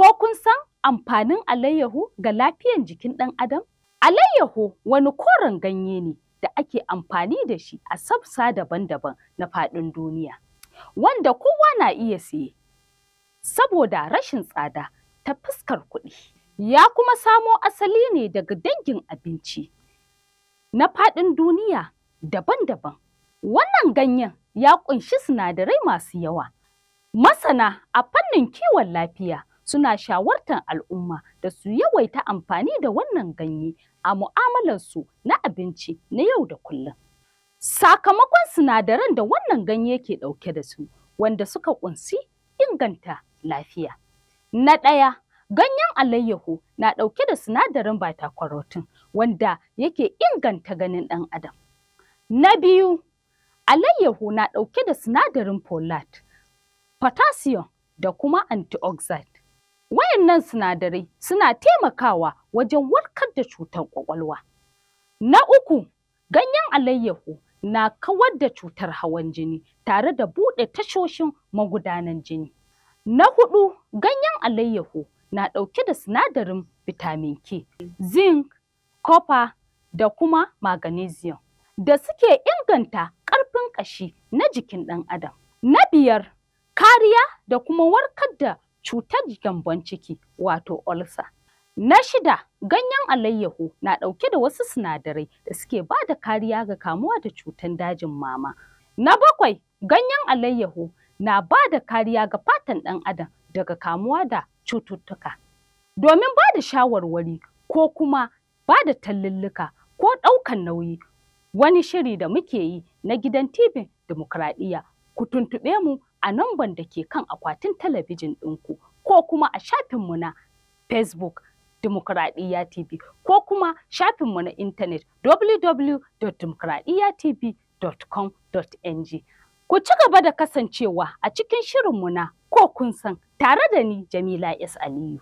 Ko kun san amfanin alayyahu ga lafiyan jikin ɗan adam? Alayyahu wani koren ganye ne da ake amfani da shi a sabsa daban-daban na faɗin duniya, wanda kowa na iya siye, saboda rashin tsada ta fuskar kuɗi. Ya kuma samo asali ne daga dangin abinci na faɗin duniya daban-daban. Wannan ganyen ya ƙunshi sinadarai masu yawa. Masana a fannin kiwon lafiya suna shawartar al'umma da su yawaita amfani da wannan ganye a mu'amalarsu na abinci na yau da kullum. Sakamakon sinadaran da wannan ganye ke ɗauke da su, wanda suka ƙunsi inganta lafiya. Na ɗaya, ganyen alayyahu na ɗauke da sinadarin beta wanda yake inganta ganin ɗan adam. Na biyu, alayyahu na ɗauke da sinadarin folate, potassium da kuma antioxidant Wayannan sinadarai suna taimakawa wajen warkar da cutar ƙwaƙwalwa. Na uku, ganyen alayyahu na kawar da cutar hawan jini tare da buɗe tashoshin magudanan jini. Na huɗu, ganyen alayyahu na ɗauke da sinadarin vitamin K, zinc, copper da kuma magnesium da suke inganta ƙarfin ƙashi na jikin ɗan adam. Na biyar, kariya da kuma warkar da cutar gyambon ciki wato olsa. Na shida ganyen alayyahu na ɗauke da wasu sinadarai da suke ba da kariya ga kamuwa da cutar dajin mama. Na bakwai ganyen alayyahu na ba da kariya ga fatan ɗan adam daga kamuwa da cututtuka. Domin ba da shawarwari ko kuma ba da tallulluka ko ɗaukan nauyi wani shiri da muke yi na gidan tibin dimokuraɗiyya ku tuntuɓe mu a namban da ke kan akwatin talabijin ɗinku ko kuma a shafinmu na Facebook Dimokuraɗiyya TV ko kuma shafinmu na intanet www.dimokuraɗiyyatv.com.ng. Ku ci gaba da kasancewa a cikin shirinmu na ko kun san tare da ni Jamila S. Aliyu.